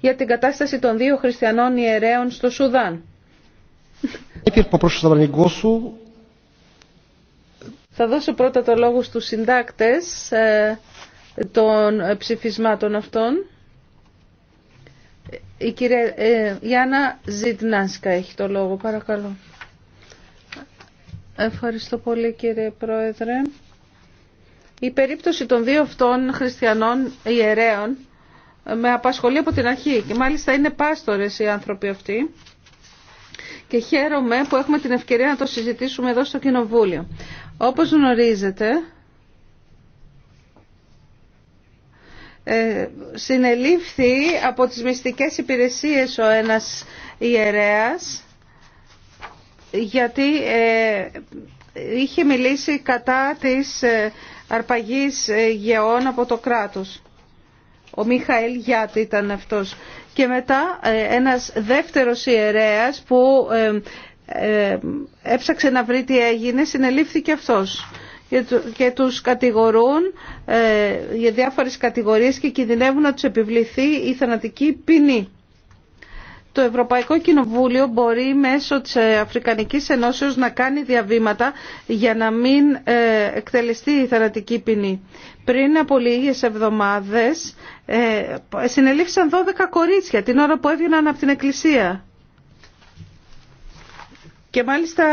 για την κατάσταση των δύο χριστιανών ιερέων στο Σουδάν. Θα δώσω πρώτα το λόγο στους συντάκτες ε, των ψηφισμάτων αυτών. Η κυρία ε, Γιάννα Ζιτνάσκα έχει το λόγο, παρακαλώ. Ευχαριστώ πολύ κύριε Πρόεδρε. Η περίπτωση των δύο αυτών χριστιανών ιερέων με απασχολεί από την αρχή και μάλιστα είναι πάστορες οι άνθρωποι αυτοί και χαίρομαι που έχουμε την ευκαιρία να το συζητήσουμε εδώ στο Κοινοβούλιο. Όπως γνωρίζετε, ε, συνελήφθη από τις μυστικές υπηρεσίες ο ένας ιερέας γιατί ε, είχε μιλήσει κατά της ε, αρπαγής γεών από το κράτος. Ο Μιχαήλ Γιάτη ήταν αυτός. Και μετά ε, ένας δεύτερος ιερέας που ε, ε, έψαξε να βρει τι έγινε, συνελήφθηκε αυτός και τους κατηγορούν για διάφορες κατηγορίες και κινδυνεύουν να τους επιβληθεί η θανατική ποινή το Ευρωπαϊκό Κοινοβούλιο μπορεί μέσω της Αφρικανικής Ενώσεως να κάνει διαβήματα για να μην ε, εκτελεστεί η θανατική ποινή. Πριν από λίγες εβδομάδες ε, συνελήφθησαν 12 κορίτσια την ώρα που έβγαιναν από την εκκλησία. Και μάλιστα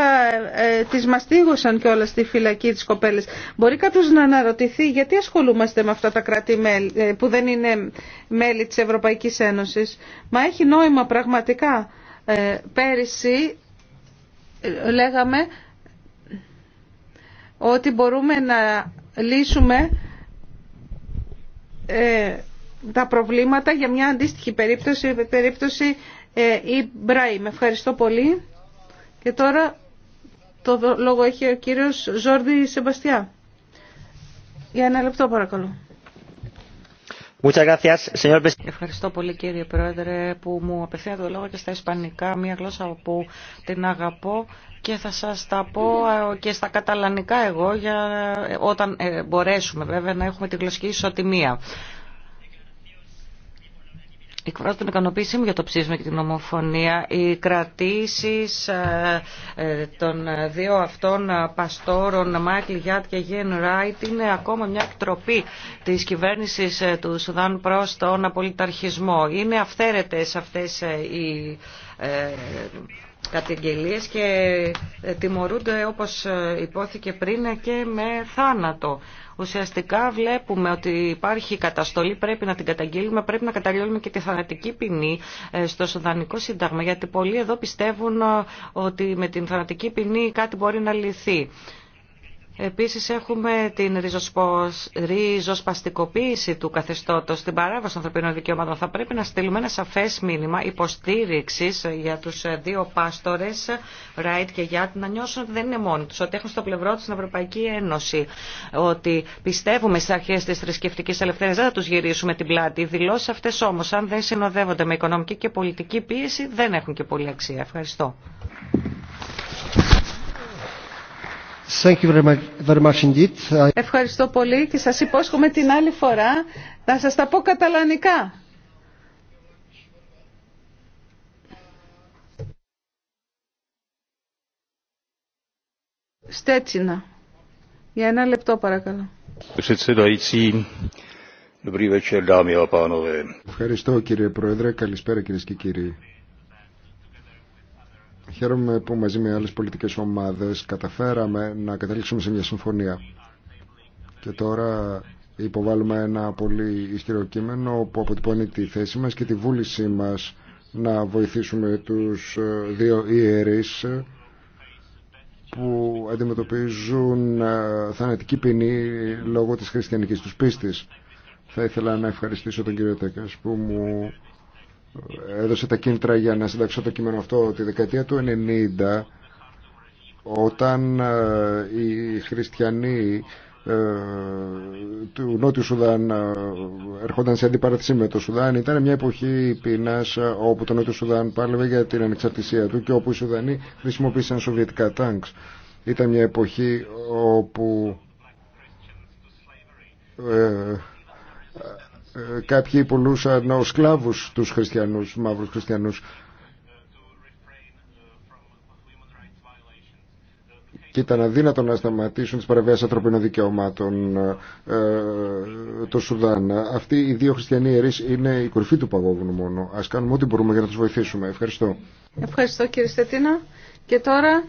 ε, ε τις μαστίγωσαν και όλα στη φυλακή της κοπέλες. Μπορεί κάποιος να αναρωτηθεί γιατί ασχολούμαστε με αυτά τα κράτη ε, που δεν είναι μέλη της Ευρωπαϊκής Ένωσης. Μα έχει νόημα πραγματικά. Ε, πέρυσι ε, λέγαμε ότι μπορούμε να λύσουμε τα προβλήματα για μια αντίστοιχη περίπτωση, περίπτωση ε, Ιμπραήμ. Ευχαριστώ πολύ. Και τώρα το λόγο έχει ο κύριος Ζόρδη Σεμπαστιά. Για ένα λεπτό παρακαλώ. Ευχαριστώ πολύ κύριε Πρόεδρε που μου απευθύνατε το λόγο και στα Ισπανικά, μια γλώσσα που την αγαπώ και θα σας τα πω ε, και στα καταλανικά εγώ για, ε, όταν ε, μπορέσουμε βέβαια να έχουμε τη γλωσσική ισοτιμία εκφράζω την ικανοποίησή μου για το ψήφισμα και την ομοφωνία. Οι κρατήσει ε, ε, των δύο αυτών ε, παστόρων, Μάικλ Γιάτ και Γεν Ράιτ, είναι ακόμα μια εκτροπή τη κυβέρνηση του Σουδάν προ τον απολυταρχισμό. Είναι αυθαίρετε αυτέ οι καταγγελίες και ε, τιμωρούνται όπως ε, υπόθηκε πριν και με θάνατο. Ουσιαστικά βλέπουμε ότι υπάρχει καταστολή, πρέπει να την καταγγείλουμε, πρέπει να καταγγείλουμε και τη θανατική ποινή ε, στο Σουδανικό Σύνταγμα, γιατί πολλοί εδώ πιστεύουν ότι με την θανατική ποινή κάτι μπορεί να λυθεί. Επίσης έχουμε την ριζοσπαστικοποίηση του καθεστώτος στην παράβαση των ανθρωπίνων δικαιωμάτων. Θα πρέπει να στείλουμε ένα σαφές μήνυμα υποστήριξης για τους δύο πάστορες, Ράιτ και Γιάτ, να νιώσουν ότι δεν είναι μόνοι τους, ότι έχουν στο πλευρό τους την Ευρωπαϊκή Ένωση, ότι πιστεύουμε στις αρχές της θρησκευτική ελευθερίας, δεν θα τους γυρίσουμε την πλάτη. Οι δηλώσεις αυτές όμως, αν δεν συνοδεύονται με οικονομική και πολιτική πίεση, δεν έχουν και πολύ αξία. Ευχαριστώ. Ευχαριστώ πολύ και σας υπόσχομαι την άλλη φορά να σας τα πω καταλανικά. Στέτσινα. Για ένα λεπτό παρακαλώ. Ευχαριστώ κύριε Πρόεδρε. Καλησπέρα κύριε και κύριοι. Χαίρομαι που μαζί με άλλες πολιτικές ομάδες καταφέραμε να καταλήξουμε σε μια συμφωνία. Και τώρα υποβάλλουμε ένα πολύ ισχυρό κείμενο που αποτυπώνει τη θέση μας και τη βούλησή μας να βοηθήσουμε τους ε, δύο ιερείς ε, που αντιμετωπίζουν ε, θανατική ποινή λόγω της χριστιανικής τους πίστης. Θα ήθελα να ευχαριστήσω τον κύριο Τέκας που μου έδωσε τα κίνητρα για να συνταξώ το κείμενο αυτό τη δεκαετία του 90 όταν ε, οι χριστιανοί ε, του Νότιου Σουδάν έρχονταν ε, σε αντιπαράθεση με το Σουδάν ήταν μια εποχή πείνας όπου το Νότιο Σουδάν πάλευε για την ανεξαρτησία του και όπου οι Σουδανοί χρησιμοποίησαν σοβιετικά τάγκς ήταν μια εποχή όπου κάποιοι πουλούσαν ως σκλάβους τους χριστιανούς, μαύρους χριστιανούς. και ήταν αδύνατο να σταματήσουν τις παραβιάσεις ανθρωπίνων δικαιωμάτων ε, το Σουδάν. Αυτοί οι δύο χριστιανοί ιερείς είναι η κορυφή του παγόβουνου μόνο. Ας κάνουμε ό,τι μπορούμε για να τους βοηθήσουμε. Ευχαριστώ. Ευχαριστώ κύριε Στετίνα. Και τώρα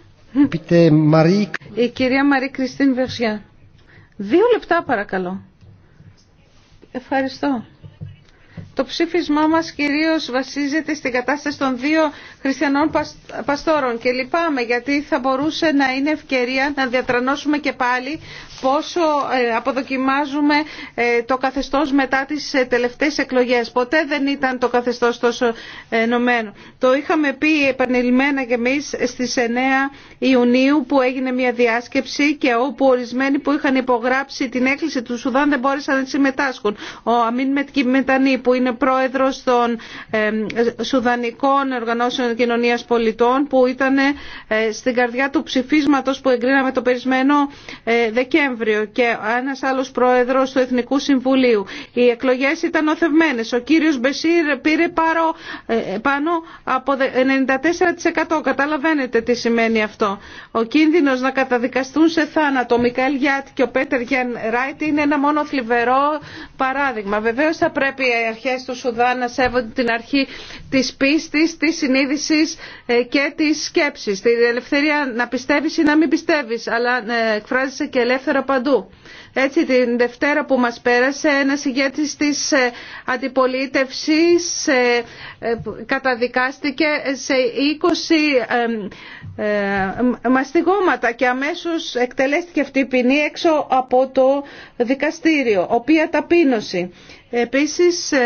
η κυρία Μαρή Κριστίν Βερσιά. Δύο λεπτά παρακαλώ. Ευχαριστώ. Το ψήφισμά μας κυρίως βασίζεται στην κατάσταση των δύο χριστιανών παστόρων και λυπάμαι γιατί θα μπορούσε να είναι ευκαιρία να διατρανώσουμε και πάλι πόσο ε, αποδοκιμάζουμε ε, το καθεστώς μετά τις ε, τελευταίες εκλογές. Ποτέ δεν ήταν το καθεστώς τόσο ενωμένο. Το είχαμε πει επανειλημμένα και εμείς στις 9 Ιουνίου που έγινε μια διάσκεψη και όπου ορισμένοι που είχαν υπογράψει την έκκληση του Σουδάν δεν μπόρεσαν να συμμετάσχουν. Ο Αμίν Μετανή που είναι πρόεδρος των Σουδανικών Οργανώσεων Κοινωνίας Πολιτών που ήταν στην καρδιά του ψηφίσματος που εγκρίναμε το περισμένο Δεκέμβριο και ένας άλλος πρόεδρος του Εθνικού Συμβουλίου. Οι εκλογές ήταν οθευμένε. Ο κύριος Μπεσίρ πήρε πάρο, ε, πάνω από 94%. Καταλαβαίνετε τι σημαίνει αυτό. Ο κίνδυνος να καταδικαστούν σε θάνατο ο Μικαέλ Γιάτ και ο Πέτερ Γιάν Ράιτ είναι ένα μόνο θλιβερό παράδειγμα. Βεβαίως θα πρέπει οι αρχές του Σουδάν να σέβονται την αρχή της πίστης, της συνείδησης ε, και της σκέψης. Την ελευθερία να πιστεύεις ή να μην πιστεύεις, αλλά εκφράζεσαι και ελεύθερο παντού. Έτσι την Δευτέρα που μας πέρασε ένα ηγέτης της ε, αντιπολίτευσης ε, ε, καταδικάστηκε σε 20 μαστιγώματα και αμέσως εκτελέστηκε αυτή η ποινή έξω από το δικαστήριο, οποία ταπείνωση. Επίσης, ε,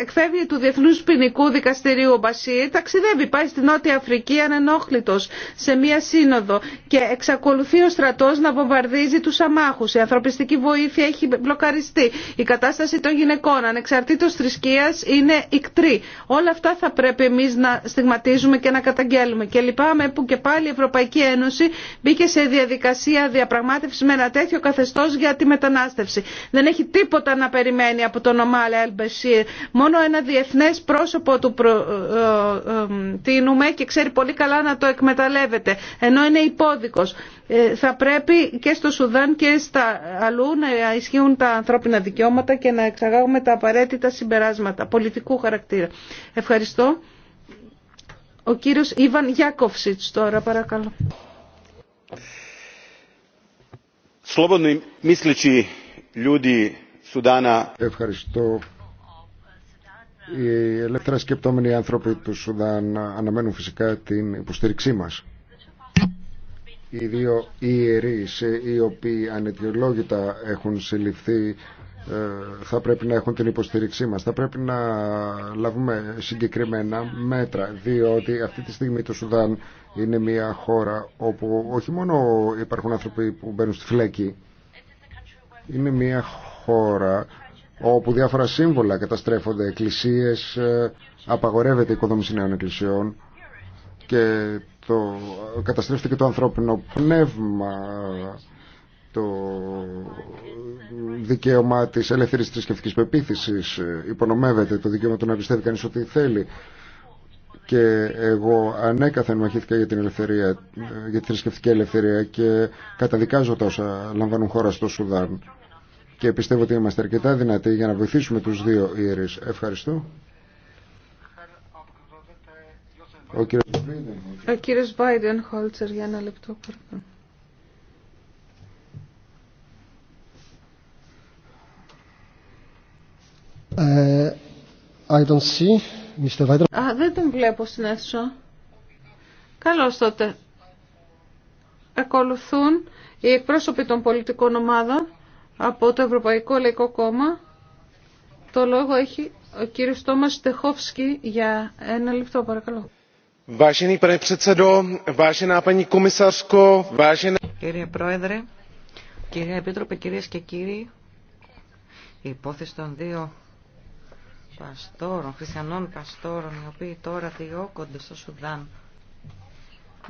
εκφεύγει του Διεθνούς Ποινικού Δικαστηρίου ο Μπασίρ, ταξιδεύει, πάει στη Νότια Αφρική ανενόχλητος σε μία σύνοδο και εξακολουθεί ο στρατός να βομβαρδίζει τους αμάχους. Η ανθρωπιστική βοήθεια έχει μπλοκαριστεί. Η κατάσταση των γυναικών, ανεξαρτήτως θρησκείας, είναι ικτρή. Όλα αυτά θα πρέπει εμείς να στιγματίζουμε και να καταγγέλουμε. Και λυπάμαι που και πάλι η Ευρωπαϊκή Ένωση μπήκε σε διαδικασία διαπραγμάτευση με ένα τέτοιο καθεστώς για τη μετανάστευση. Δεν έχει τίποτα να περιμένει από το ονομά Αλ Μπεσίρ. Μόνο ένα διεθνέ πρόσωπο του προ... Ε, ε, ε, τίνουμε και ξέρει πολύ καλά να το εκμεταλλεύεται, ενώ είναι υπόδικος. Θα πρέπει και στο Σουδάν και στα αλλού να ισχύουν τα ανθρώπινα δικαιώματα και να εξαγάγουμε τα απαραίτητα συμπεράσματα πολιτικού χαρακτήρα. Ευχαριστώ. Ο κύριος Ιβαν Γιάκοφσιτς τώρα παρακαλώ. Σουδάνα. Ευχαριστώ. Οι ελεύθερα σκεπτόμενοι άνθρωποι του Σουδάν αναμένουν φυσικά την υποστήριξή μας. Οι δύο ιερείς οι οποίοι ανετιολόγητα έχουν συλληφθεί ε, θα πρέπει να έχουν την υποστήριξή μας. Θα πρέπει να λάβουμε συγκεκριμένα μέτρα, διότι αυτή τη στιγμή το Σουδάν είναι μια χώρα όπου όχι μόνο υπάρχουν άνθρωποι που μπαίνουν στη φλέκη, είναι μια χώρα χώρα όπου διάφορα σύμβολα καταστρέφονται, εκκλησίες, ε, απαγορεύεται η οικοδόμηση νέων εκκλησιών και το, καταστρέφεται και το ανθρώπινο πνεύμα, το δικαίωμα της ελεύθερης θρησκευτική πεποίθησης, ε, υπονομεύεται το δικαίωμα του να πιστεύει κανείς ό,τι θέλει. Και εγώ ανέκαθεν μαχήθηκα για την ελευθερία, ε, για τη θρησκευτική ελευθερία και καταδικάζω τα όσα λαμβάνουν χώρα στο Σουδάν και πιστεύω ότι είμαστε αρκετά δυνατοί για να βοηθήσουμε τους δύο ιερείς. Ευχαριστώ. Ο κύριος, Ο κύριος για ένα λεπτό ε, I don't see. Mr. Biden. Α, δεν τον βλέπω στην αίθουσα. Καλώς τότε. Ακολουθούν οι εκπρόσωποι των πολιτικών ομάδων από το Ευρωπαϊκό Λαϊκό Κόμμα. Το λόγο έχει ο κύριος Τόμας Τεχόφσκι για ένα λεπτό παρακαλώ. Κύριε Πρόεδρε, κύριε Επίτροπε, κυρίες και κύριοι, η υπόθεση των δύο παστόρων, χριστιανών παστόρων, οι οποίοι τώρα διώκονται στο Σουδάν,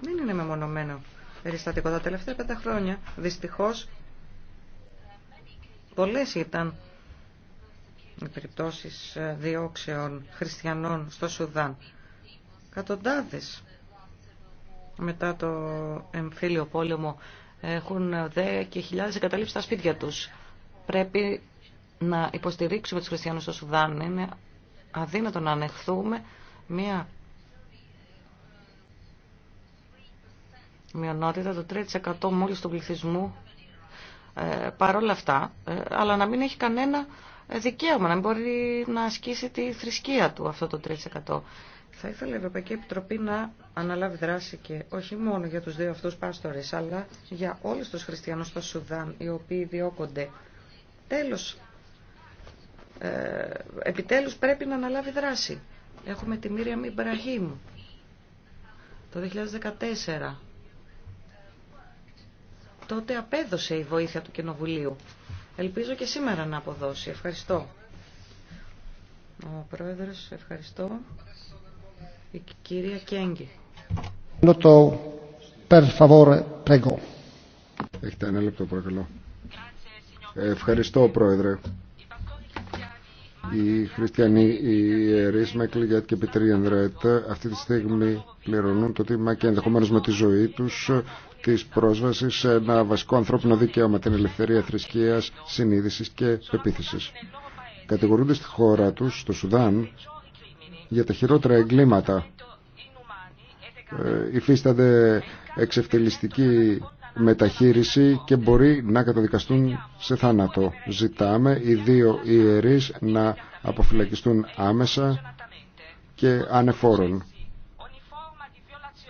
δεν είναι μεμονωμένο περιστατικό. Τα τελευταία πέντε χρόνια, δυστυχώς, Πολλές ήταν οι περιπτώσεις ε, διώξεων χριστιανών στο Σουδάν. Κατοντάδες μετά το εμφύλιο πόλεμο έχουν δε και χιλιάδες εγκαταλείψει τα σπίτια τους. Πρέπει να υποστηρίξουμε τους χριστιανούς στο Σουδάν. Είναι αδύνατο να ανεχθούμε μία μειονότητα, το 3% μόλις του πληθυσμού ε, παρόλα αυτά, ε, αλλά να μην έχει κανένα ε, δικαίωμα, να μην μπορεί να ασκήσει τη θρησκεία του αυτό το 3%. Θα ήθελα η Ευρωπαϊκή Επιτροπή να αναλάβει δράση και όχι μόνο για τους δύο αυτούς πάστορες, αλλά για όλους τους χριστιανούς στο Σουδάν, οι οποίοι διώκονται. Τέλος, ε, επιτέλους πρέπει να αναλάβει δράση. Έχουμε τη Μύρια Μιμπραχήμ το 2014 τότε απέδωσε η βοήθεια του Κοινοβουλίου. Ελπίζω και σήμερα να αποδώσει. Ευχαριστώ. Ο Πρόεδρος, ευχαριστώ. Η κυρία Κέγγι. Έχετε ένα λεπτό, παρακαλώ. Ε, ευχαριστώ, Πρόεδρε. Οι χριστιανοί, οι ιερείς Μέκλιγιατ και Πιτρή Ανδρέτ αυτή τη στιγμή πληρώνουν το τίμα και ενδεχομένως με τη ζωή τους της πρόσβασης σε ένα βασικό ανθρώπινο δικαίωμα, την ελευθερία θρησκείας, συνείδησης και πεποίθησης. Κατηγορούνται στη χώρα τους, στο Σουδάν, για τα χειρότερα εγκλήματα. Ε, υφίστανται εξευτελιστική μεταχείριση και μπορεί να καταδικαστούν σε θάνατο. Ζητάμε οι δύο ιερείς να αποφυλακιστούν άμεσα και ανεφόρον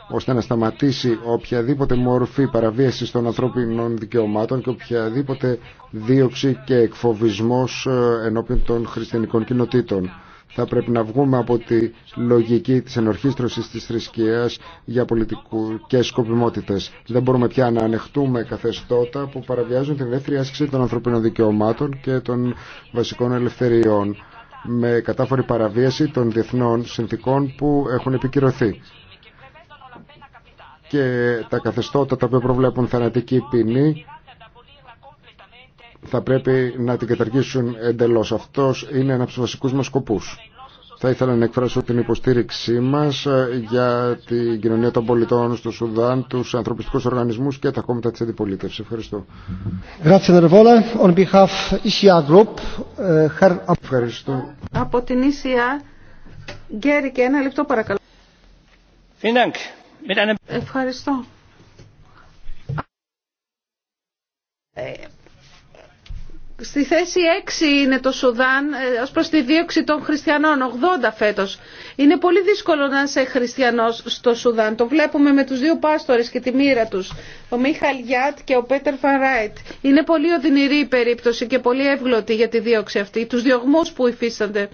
ώστε να σταματήσει οποιαδήποτε μορφή παραβίασης των ανθρώπινων δικαιωμάτων και οποιαδήποτε δίωξη και εκφοβισμός ε, ενώπιον των χριστιανικών κοινοτήτων. Θα πρέπει να βγούμε από τη λογική της ενορχήστρωσης της θρησκείας για πολιτικές σκοπιμότητες. Δεν μπορούμε πια να ανεχτούμε καθεστώτα που παραβιάζουν την δεύτερη άσκηση των ανθρωπίνων δικαιωμάτων και των βασικών ελευθεριών με κατάφορη παραβίαση των διεθνών συνθήκων που έχουν επικυρωθεί και τα καθεστώτα τα οποία προβλέπουν θανατική ποινή θα πρέπει να την καταργήσουν εντελώς. Αυτός είναι ένα από τους βασικούς μας σκοπούς. Θα ήθελα να εκφράσω την υποστήριξή μας ε, για την κοινωνία των πολιτών στο Σουδάν, τους ανθρωπιστικούς οργανισμούς και τα κόμματα της αντιπολίτευσης. Ευχαριστώ. E ε, Ευχαριστώ. Από την Ίσια, e Γκέρι και ένα λεπτό παρακαλώ. Ευχαριστώ. Ε, Στη θέση 6 είναι το Σουδάν ε, ως προς τη δίωξη των χριστιανών, 80 φέτος. Είναι πολύ δύσκολο να είσαι χριστιανός στο Σουδάν. Το βλέπουμε με τους δύο πάστορες και τη μοίρα τους, ο Μίχαλ Γιάτ και ο Πέτερ Φαράιτ. Είναι πολύ οδυνηρή η περίπτωση και πολύ εύγλωτη για τη δίωξη αυτή, τους διωγμούς που υφίστανται.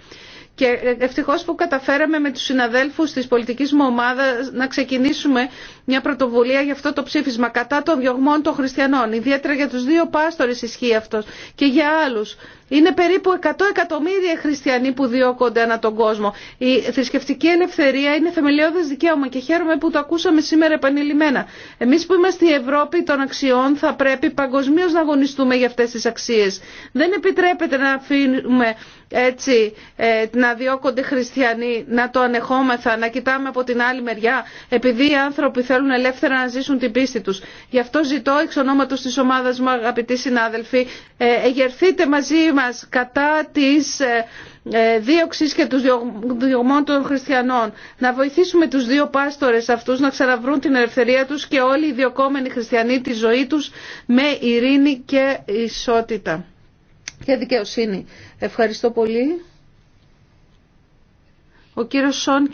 Και ευτυχώ που καταφέραμε με του συναδέλφου τη πολιτική μου ομάδας να ξεκινήσουμε μια πρωτοβουλία για αυτό το ψήφισμα κατά των διωγμών των χριστιανών. Ιδιαίτερα για του δύο πάστορες ισχύει αυτό και για άλλου. Είναι περίπου 100 εκατομμύρια χριστιανοί που διώκονται ανά τον κόσμο. Η θρησκευτική ελευθερία είναι θεμελιώδε δικαίωμα και χαίρομαι που το ακούσαμε σήμερα επανειλημμένα. Εμεί που είμαστε η Ευρώπη των αξιών θα πρέπει παγκοσμίω να αγωνιστούμε για αυτέ τι αξίε. Δεν επιτρέπεται να αφήνουμε έτσι ε, να να διώκονται χριστιανοί, να το ανεχόμεθα, να κοιτάμε από την άλλη μεριά, επειδή οι άνθρωποι θέλουν ελεύθερα να ζήσουν την πίστη τους. Γι' αυτό ζητώ εξ ονόματος της ομάδας μου, αγαπητοί συνάδελφοι, ε, εγερθείτε μαζί μας κατά της ε, ε, δίωξη και του διωγμών των χριστιανών. Να βοηθήσουμε τους δύο πάστορες αυτούς να ξαναβρούν την ελευθερία τους και όλοι οι διωκόμενοι χριστιανοί τη ζωή τους με ειρήνη και ισότητα και δικαιοσύνη. Ευχαριστώ πολύ. Ο κύριος Σον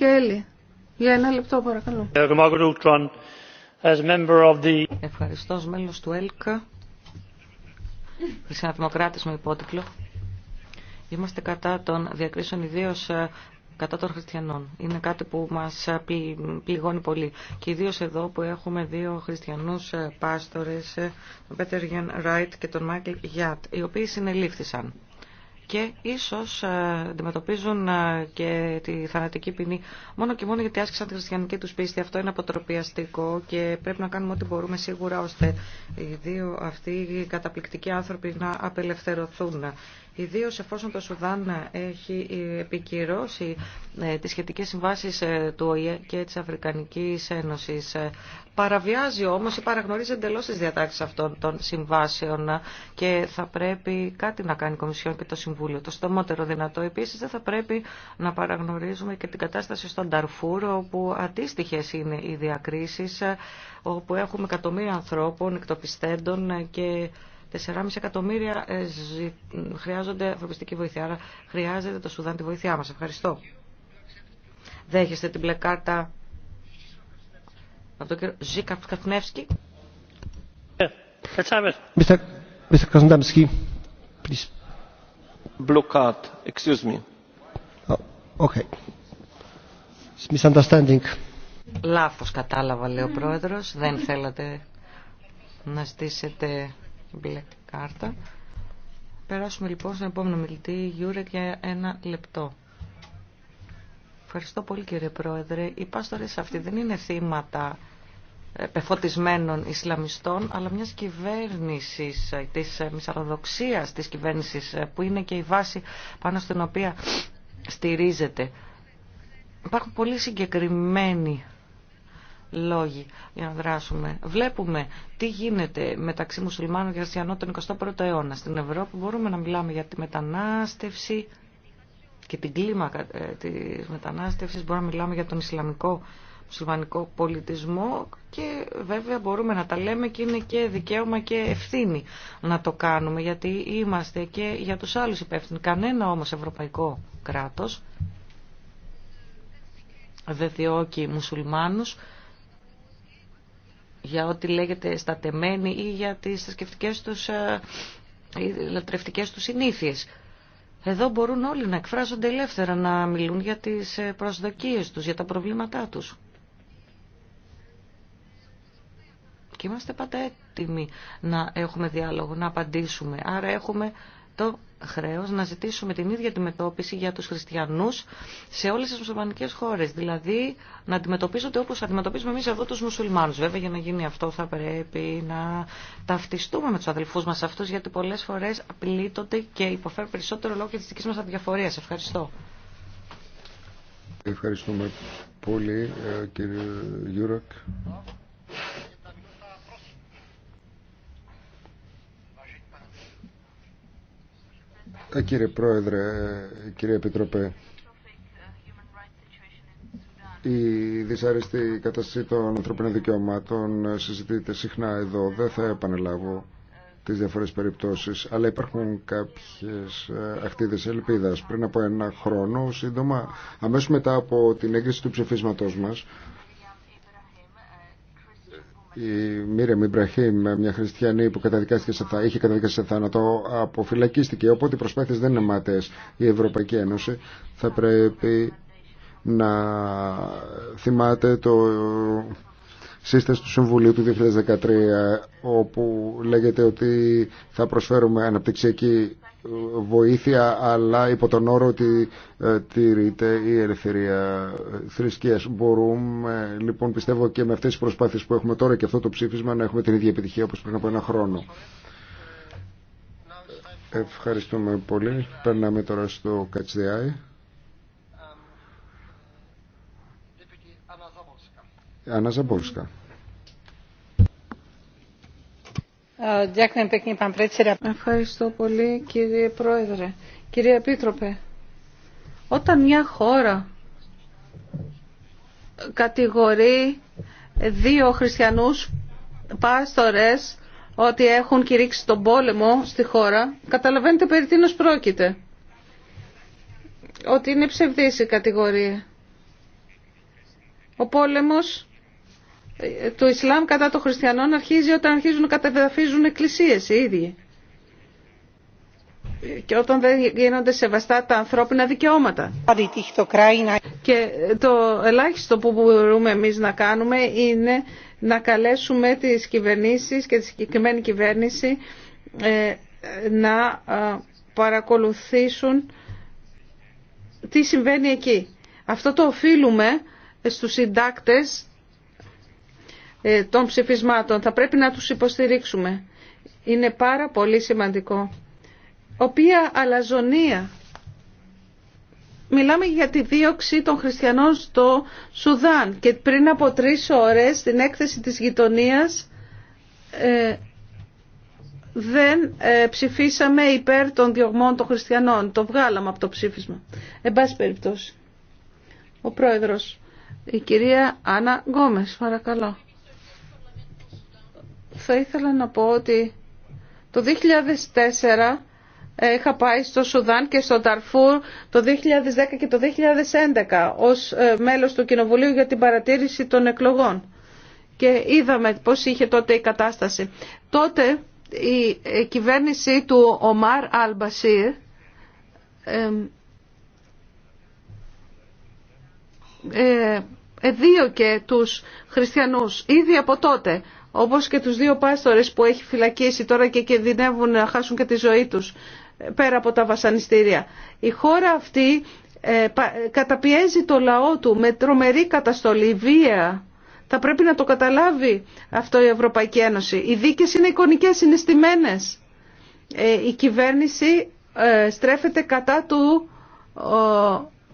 Για ένα λεπτό παρακαλώ. Ευχαριστώ ως μέλος του ΕΛΚΑ. Χριστιανοδημοκράτης με υπότιτλο. Είμαστε κατά των διακρίσεων ιδίως ε, κατά των χριστιανών. Είναι κάτι που μας ε, πληγώνει πολύ. Και ιδίως εδώ που έχουμε δύο χριστιανούς ε, πάστορες, τον Πέτερ Γιάν Ράιτ και τον Μάικλ Γιάτ, οι οποίοι συνελήφθησαν και ίσως ε, αντιμετωπίζουν ε, και τη θανατική ποινή μόνο και μόνο γιατί άσκησαν τη χριστιανική τους πίστη. Αυτό είναι αποτροπιαστικό και πρέπει να κάνουμε ό,τι μπορούμε σίγουρα ώστε οι δύο αυτοί οι καταπληκτικοί άνθρωποι να απελευθερωθούν. Ιδίω εφόσον το Σουδάν έχει ε, επικυρώσει ε, τις σχετικές συμβάσεις ε, του ΟΗΕ και της Αφρικανικής Ένωσης. Παραβιάζει όμω ή παραγνωρίζει εντελώ τι διατάξει αυτών των συμβάσεων και θα πρέπει κάτι να κάνει η Κομισιόν και το Συμβούλιο. Το στομότερο δυνατό Επίση, δεν θα πρέπει να παραγνωρίζουμε και την κατάσταση στον Ταρφούρ όπου αντίστοιχε είναι οι διακρίσει, όπου έχουμε εκατομμύρια ανθρώπων εκτοπιστέντων και 4,5 εκατομμύρια ε, χρειάζονται ανθρωπιστική βοήθεια. Άρα χρειάζεται το Σουδάν τη βοήθειά μας. Ευχαριστώ. Δέχεστε την μπλε κάρτα από τον κύριο Ζήκα Καφνεύσκη. Mr. Oh, Λάθος κατάλαβα, λέει ο πρόεδρος. Δεν θέλατε να στήσετε κάρτα. Περάσουμε λοιπόν στον επόμενο μιλητή, Γιούρε, για ένα λεπτό. Ευχαριστώ πολύ κύριε Πρόεδρε. Οι πάστορες αυτοί δεν είναι θύματα ε, πεφωτισμένων Ισλαμιστών, αλλά μιας κυβέρνησης, ε, της ε, μυσαλλοδοξίας της κυβέρνησης, που είναι και η βάση πάνω στην οποία στηρίζεται. Υπάρχουν πολύ συγκεκριμένοι λόγοι για να δράσουμε. Βλέπουμε τι γίνεται μεταξύ μουσουλμάνων και χριστιανών τον 21ο αιώνα στην Ευρώπη. Μπορούμε να μιλάμε για τη μετανάστευση και την κλίμακα ε, τη μετανάστευση. Μπορούμε να μιλάμε για τον Ισλαμικό μουσουλμανικό πολιτισμό και βέβαια μπορούμε να τα λέμε και είναι και δικαίωμα και ευθύνη να το κάνουμε γιατί είμαστε και για τους άλλους υπεύθυνοι. Κανένα όμως ευρωπαϊκό κράτος δεν διώκει μουσουλμάνους για ό,τι λέγεται στατεμένοι ή για τις θρησκευτικέ τους ή ε, λατρευτικές τους συνήθειες. Εδώ μπορούν όλοι να εκφράζονται ελεύθερα, να μιλούν για τις ε, προσδοκίες τους, για τα προβλήματά τους. Και είμαστε πάντα έτοιμοι να έχουμε διάλογο, να απαντήσουμε. Άρα έχουμε το να ζητήσουμε την ίδια αντιμετώπιση για τους χριστιανούς σε όλες τις μουσουλμανικές χώρες. Δηλαδή να αντιμετωπίζονται όπως αντιμετωπίζουμε εμείς εδώ τους μουσουλμάνους. Βέβαια για να γίνει αυτό θα πρέπει να ταυτιστούμε με τους αδελφούς μας αυτούς γιατί πολλές φορές απειλείτονται και υποφέρει περισσότερο λόγω και της δικής μας αδιαφορίας. Ευχαριστώ. Ευχαριστούμε πολύ ε, κύριε Γιούρακ. Κύριε Πρόεδρε, κύριε Επιτροπέ, η δυσαρεστή κατάσταση των ανθρωπίνων δικαιωμάτων συζητείται συχνά εδώ. Δεν θα επανελάβω τις διαφορές περιπτώσεις, αλλά υπάρχουν κάποιες ε, ακτίδες ελπίδας. Πριν από ένα χρόνο, σύντομα, αμέσως μετά από την έγκριση του ψηφίσματός μας, η Μίρια Μιμπραχήμ, μια χριστιανή που καταδικάστηκε θα, είχε καταδικαστεί σε θάνατο, αποφυλακίστηκε. Οπότε οι προσπάθειε δεν είναι Η Ευρωπαϊκή Ένωση θα πρέπει να θυμάται το σύσταση του Συμβουλίου του 2013 όπου λέγεται ότι θα προσφέρουμε αναπτυξιακή βοήθεια αλλά υπό τον όρο ότι ε, τηρείται η ελευθερία ε, θρησκείας. Μπορούμε λοιπόν πιστεύω και με αυτές τις προσπάθειες που έχουμε τώρα και αυτό το ψήφισμα να έχουμε την ίδια επιτυχία όπως πριν από ένα χρόνο. Ευχαριστούμε πολύ. Περνάμε τώρα στο Κατσδιάι. Ανάζα Μπόλσκα. Ε, Ευχαριστώ πολύ κύριε Πρόεδρε. Κύριε Επίτροπε, όταν μια χώρα κατηγορεί δύο χριστιανούς πάστορες ότι έχουν κηρύξει τον πόλεμο στη χώρα, καταλαβαίνετε περί τίνος πρόκειται. Ότι είναι ψευδής η κατηγορία. Ο πόλεμος ε, το Ισλάμ κατά των χριστιανών αρχίζει όταν αρχίζουν να καταδαφίζουν εκκλησίες οι ίδιοι. Και όταν δεν γίνονται σεβαστά τα ανθρώπινα δικαιώματα. Και το ελάχιστο που μπορούμε εμείς να κάνουμε είναι να καλέσουμε τις κυβερνήσεις και τη συγκεκριμένη κυβέρνηση ε, να παρακολουθήσουν τι συμβαίνει εκεί. Αυτό το οφείλουμε στους συντάκτες ε, των ψηφισμάτων. Θα πρέπει να τους υποστηρίξουμε. Είναι πάρα πολύ σημαντικό. Οποία αλαζονία. Μιλάμε για τη δίωξη των χριστιανών στο Σουδάν και πριν από τρεις ώρες στην έκθεση της γειτονίας ε, δεν ε, ψηφίσαμε υπέρ των διωγμών των χριστιανών. Το βγάλαμε από το ψήφισμα. Εν πάση περιπτώσει. Ο πρόεδρος, η κυρία Άννα Γκόμες, παρακαλώ θα ήθελα να πω ότι το 2004 είχα πάει στο Σουδάν και στο Ταρφούρ το 2010 και το 2011 ως ε, μέλος του Κοινοβουλίου για την παρατήρηση των εκλογών. Και είδαμε πώς είχε τότε η κατάσταση. Τότε η ε, κυβέρνηση του Ομάρ Αλμπασίρ ε, εδίωκε τους χριστιανούς ήδη από τότε όπως και τους δύο πάστορες που έχει φυλακίσει τώρα και κινδυνεύουν να χάσουν και τη ζωή τους ε, πέρα από τα βασανιστήρια. Η χώρα αυτή ε, ε, καταπιέζει το λαό του με τρομερή καταστολή, βία. Θα πρέπει να το καταλάβει αυτό η Ευρωπαϊκή Ένωση. Οι δίκες είναι εικονικές, είναι Η κυβέρνηση στρέφεται κατά του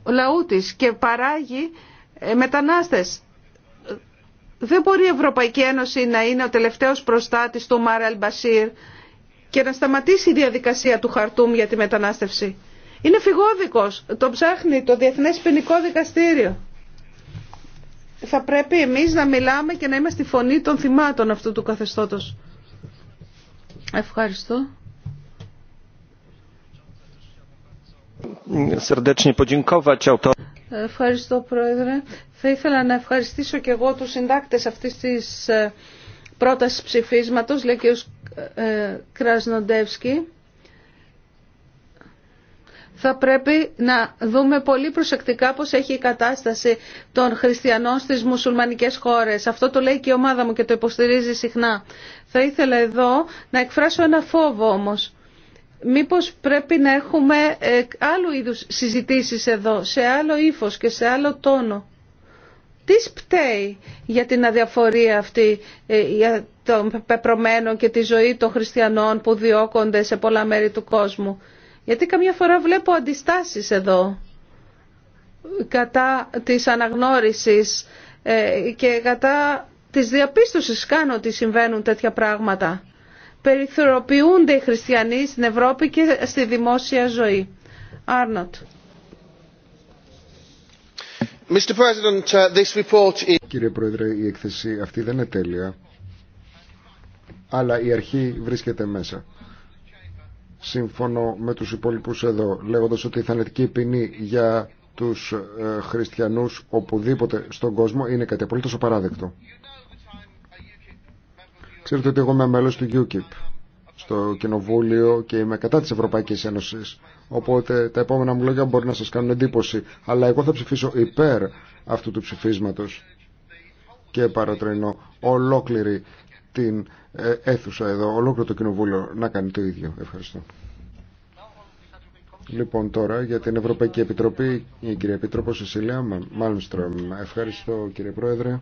λαού της και παράγει μετανάστες. Δεν μπορεί η Ευρωπαϊκή Ένωση να είναι ο τελευταίος προστάτης του Μάραλ Μπασίρ και να σταματήσει η διαδικασία του χαρτούμ για τη μετανάστευση. Είναι φυγόδικος, το ψάχνει το Διεθνές Ποινικό Δικαστήριο. Θα πρέπει εμείς να μιλάμε και να είμαστε φωνή των θυμάτων αυτού του καθεστώτος. Ευχαριστώ. Ευχαριστώ Πρόεδρε. Θα ήθελα να ευχαριστήσω και εγώ τους συντάκτες αυτής της ε, πρότασης ψηφίσματος, λέει και ο ε, Κρασνοντεύσκη. Θα πρέπει να δούμε πολύ προσεκτικά πώς έχει η κατάσταση των χριστιανών στις μουσουλμανικές χώρες. Αυτό το λέει και η ομάδα μου και το υποστηρίζει συχνά. Θα ήθελα εδώ να εκφράσω ένα φόβο όμως μήπως πρέπει να έχουμε ε, άλλου είδους συζητήσεις εδώ, σε άλλο ύφος και σε άλλο τόνο. Τι σπταίει για την αδιαφορία αυτή ε, για των πεπρωμένων και τη ζωή των χριστιανών που διώκονται σε πολλά μέρη του κόσμου. Γιατί καμιά φορά βλέπω αντιστάσεις εδώ κατά της αναγνώρισης ε, και κατά της διαπίστωσης κάνω ότι συμβαίνουν τέτοια πράγματα περιθωριοποιούνται οι χριστιανοί στην Ευρώπη και στη δημόσια ζωή. Άρνοτ. Uh, Κύριε Πρόεδρε, η έκθεση αυτή δεν είναι τέλεια, αλλά η αρχή βρίσκεται μέσα. Σύμφωνο με τους υπόλοιπους εδώ, λέγοντας ότι η θανετική ποινή για τους ε, χριστιανούς οπουδήποτε στον κόσμο είναι κάτι απολύτως απαράδεκτο. Ξέρετε ότι εγώ είμαι μέλος του UKIP στο Κοινοβούλιο και είμαι κατά της Ευρωπαϊκής Ένωσης. Οπότε τα επόμενα μου λόγια μπορεί να σας κάνουν εντύπωση. Αλλά εγώ θα ψηφίσω υπέρ αυτού του ψηφίσματος και παρατρενώ ολόκληρη την ε, αίθουσα εδώ, ολόκληρο το Κοινοβούλιο να κάνει το ίδιο. Ευχαριστώ. Λοιπόν τώρα για την Ευρωπαϊκή Επιτροπή η κυρία Επίτροπο Σεσίλια Μάλμστρομ. Ευχαριστώ κύριε Πρόεδρε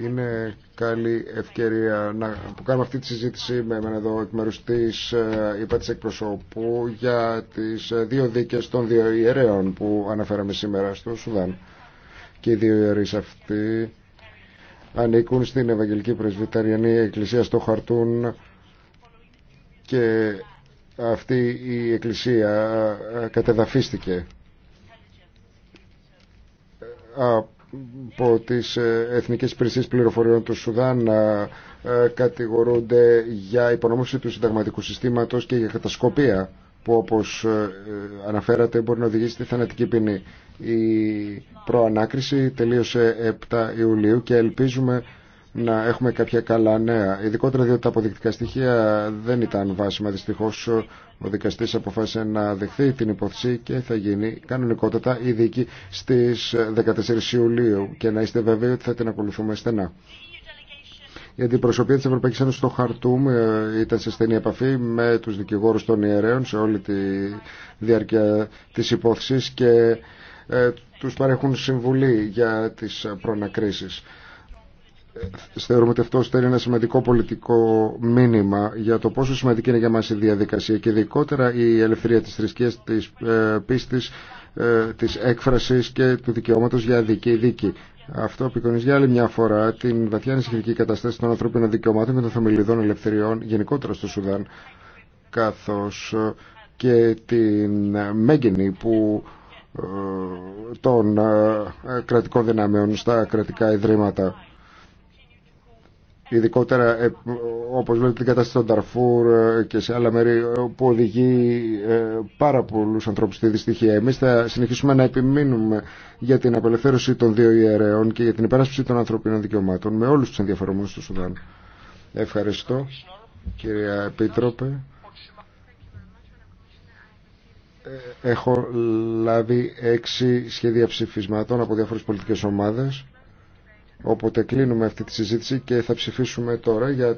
είναι καλή ευκαιρία να που κάνουμε αυτή τη συζήτηση με εμένα εδώ εκ μέρους της ε, είπα της εκπροσώπου για τις ε, δύο δίκες των δύο ιερέων που αναφέραμε σήμερα στο Σουδάν και οι δύο ιερείς αυτοί ανήκουν στην Ευαγγελική Πρεσβυταριανή Εκκλησία στο Χαρτούν και αυτή η εκκλησία ε, κατεδαφίστηκε από τις ε, Εθνικές Υπηρεσίες Πληροφοριών του Σουδάν ε, ε, κατηγορούνται για υπονόμωση του συνταγματικού συστήματος και για κατασκοπία που όπως αναφέρατε μπορεί να οδηγήσει τη θανατική ποινή. Η προανάκριση τελείωσε 7 Ιουλίου και ελπίζουμε να έχουμε κάποια καλά νέα. Ειδικότερα διότι τα αποδεικτικά στοιχεία δεν ήταν βάσιμα. Δυστυχώ ο δικαστή αποφάσισε να δεχθεί την υπόθεση και θα γίνει κανονικότατα η δίκη στι 14 Ιουλίου. Και να είστε βέβαιοι ότι θα την ακολουθούμε στενά. Η αντιπροσωπεία τη Ευρωπαϊκή Ένωση στο Χαρτούμ ε, ήταν σε στενή επαφή με του δικηγόρου των ιερέων σε όλη τη διάρκεια τη υπόθεση και ε, τους παρέχουν συμβουλή για τις προνακρίσεις θεωρούμε ότι αυτό στέλνει ένα σημαντικό πολιτικό μήνυμα για το πόσο σημαντική είναι για μας η διαδικασία και ειδικότερα η ελευθερία της θρησκείας, της ε, πίστης, ε, της έκφρασης και του δικαιώματος για δική δίκη. Αυτό απεικονίζει για άλλη μια φορά την βαθιά ανησυχητική κατάσταση των ανθρώπινων δικαιωμάτων και των θεμελιδών ελευθεριών γενικότερα στο Σουδάν καθώς ε, και την μέγενη που των κρατικών δυνάμεων στα κρατικά ιδρύματα ειδικότερα ε, όπως βλέπετε την κατάσταση των Ταρφούρ ε, και σε άλλα μέρη ε, που οδηγεί πάρα πολλούς ανθρώπους στη δυστυχία. Εμείς θα συνεχίσουμε να επιμείνουμε για την απελευθέρωση των δύο ιερέων και για την υπεράσπιση των ανθρωπίνων δικαιωμάτων με όλους τους ενδιαφερομένους του Σουδάν. Ευχαριστώ κυρία Επίτροπε. Έχω λάβει έξι σχέδια ψηφισμάτων από διάφορες πολιτικές ομάδες. Οπότε κλείνουμε αυτή τη συζήτηση και θα ψηφίσουμε τώρα για